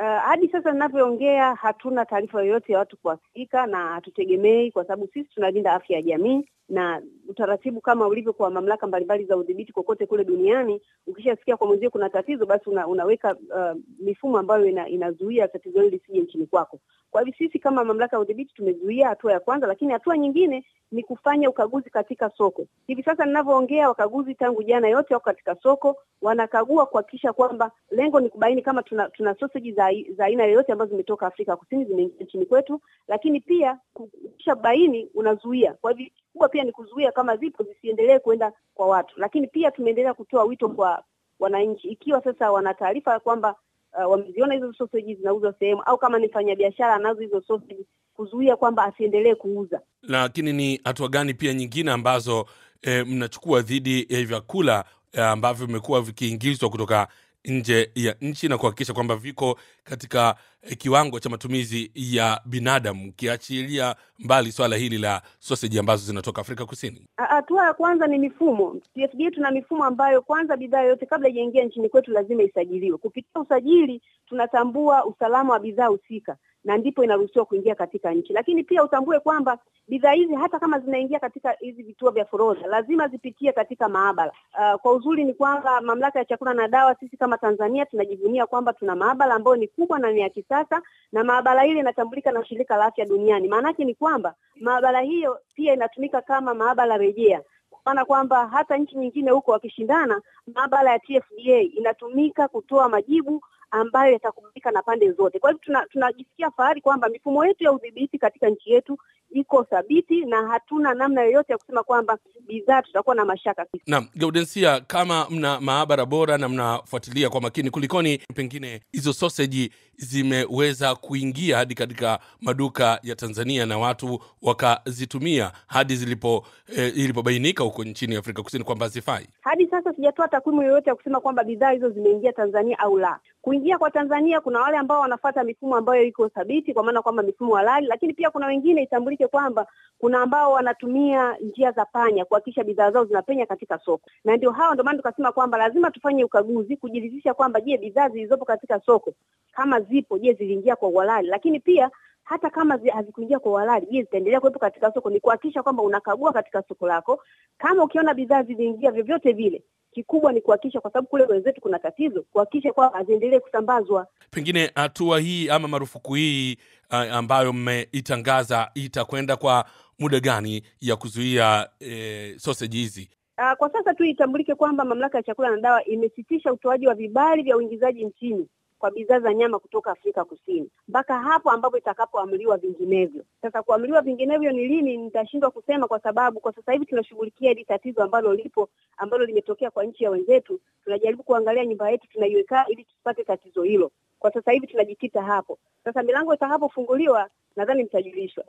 Uh, hadi sasa ninavyoongea hatuna taarifa yoyote ya watu kuathirika na hatutegemei, kwa sababu sisi tunalinda afya ya jamii na utaratibu kama ulivyo kwa mamlaka mbalimbali za udhibiti kokote kule duniani. Ukishasikia kwa mwenzio kuna tatizo, basi una, unaweka uh, mifumo ambayo ina, inazuia tatizo hili lisije nchini kwako. Kwa hivyo sisi kama mamlaka ya udhibiti tumezuia hatua ya kwanza, lakini hatua nyingine ni kufanya ukaguzi katika soko. Hivi sasa ninavyoongea, wakaguzi tangu jana yote wako katika soko, wanakagua kuhakikisha kwamba lengo ni kubaini kama tuna, tuna soseji za, za aina yoyote ambazo zimetoka Afrika Kusini zimeingia nchini kwetu, lakini pia baini unazuia. Kwa hivyo kubwa pia ni kuzuia kama zipo zisiendelee kwenda kwa watu, lakini pia tumeendelea kutoa wito kwa wananchi, ikiwa sasa wana taarifa kwamba uh, wameziona hizo sausage zinauzwa sehemu au kama ni mfanyabiashara anazo hizo sausage, kuzuia kwamba asiendelee kuuza. Lakini ni hatua gani pia nyingine ambazo eh, mnachukua dhidi ya vyakula eh, ambavyo vimekuwa vikiingizwa kutoka nje ya nchi na kuhakikisha kwamba viko katika eh, kiwango cha matumizi ya binadamu, ukiachilia mbali swala hili la soseji ambazo zinatoka Afrika Kusini. Hatua ya kwanza ni mifumo. TFDA tuna mifumo ambayo kwanza, bidhaa yoyote kabla ijaingia nchini kwetu lazima isajiliwe. Kupitia usajili, tunatambua usalama wa bidhaa husika na ndipo inaruhusiwa kuingia katika nchi. Lakini pia utambue kwamba bidhaa hizi hata kama zinaingia katika hizi vituo vya forodha lazima zipitie katika maabara. Uh, kwa uzuri ni kwamba Mamlaka ya Chakula na Dawa, sisi kama Tanzania tunajivunia kwamba tuna maabara ambayo ni kubwa na ni ya kisasa, na maabara ile inatambulika na Shirika la Afya Duniani. Maanake ni kwamba maabara hiyo pia inatumika kama maabara rejea maana kwamba hata nchi nyingine huko wakishindana, maabara ya TFDA inatumika kutoa majibu ambayo yatakubalika na pande zote. Kwa hivyo tuna, tunajisikia fahari kwamba mifumo yetu ya udhibiti katika nchi yetu iko thabiti na hatuna namna yoyote ya kusema kwamba bidhaa tutakuwa na mashaka. Naam, Gaudensia, kama mna maabara bora na mnafuatilia kwa makini, kulikoni pengine hizo soseji zimeweza kuingia hadi katika maduka ya Tanzania na watu wakazitumia hadi zilipo eh, ilipobainika huko nchini Afrika Kusini kwamba hazifai? Hadi sasa sijatoa takwimu yoyote ya kusema kwamba bidhaa hizo zimeingia Tanzania au la. Kuingia wanaoingia kwa Tanzania kuna wale ambao wanafata mifumo ambayo iko thabiti, kwa maana kwamba mifumo halali, lakini pia kuna wengine, itambulike kwamba kuna ambao wanatumia njia za panya kuhakikisha bidhaa zao zinapenya katika soko, na ndio hao, ndio maana tukasema kwamba lazima tufanye ukaguzi kujiridhisha kwamba, je, bidhaa zilizopo katika soko kama zipo, je, ziliingia kwa uhalali, lakini pia hata kama hazikuingia kwa uhalali, je, zitaendelea kuwepo katika soko? Ni kuhakikisha kwamba unakagua katika soko lako, kama ukiona bidhaa ziliingia vyovyote vile kikubwa ni kuhakikisha, kwa sababu kule wenzetu kuna tatizo, kuhakikisha kwamba haziendelee kusambazwa. Pengine hatua hii ama marufuku hii ambayo mmeitangaza itakwenda kwa muda gani ya kuzuia e, sausage hizi? Kwa sasa tu itambulike kwamba mamlaka ya chakula na dawa imesitisha utoaji wa vibali vya uingizaji nchini kwa bidhaa za nyama kutoka Afrika Kusini mpaka hapo ambapo itakapoamriwa vinginevyo. Sasa kuamriwa vinginevyo ni lini nitashindwa kusema, kwa sababu kwa sasa hivi tunashughulikia hili tatizo ambalo lipo ambalo limetokea kwa nchi ya wenzetu. Tunajaribu kuangalia nyumba yetu tunaiweka ili tusipate tatizo hilo. Kwa sasa hivi tunajikita hapo. Sasa milango itakapofunguliwa, nadhani mtajulishwa.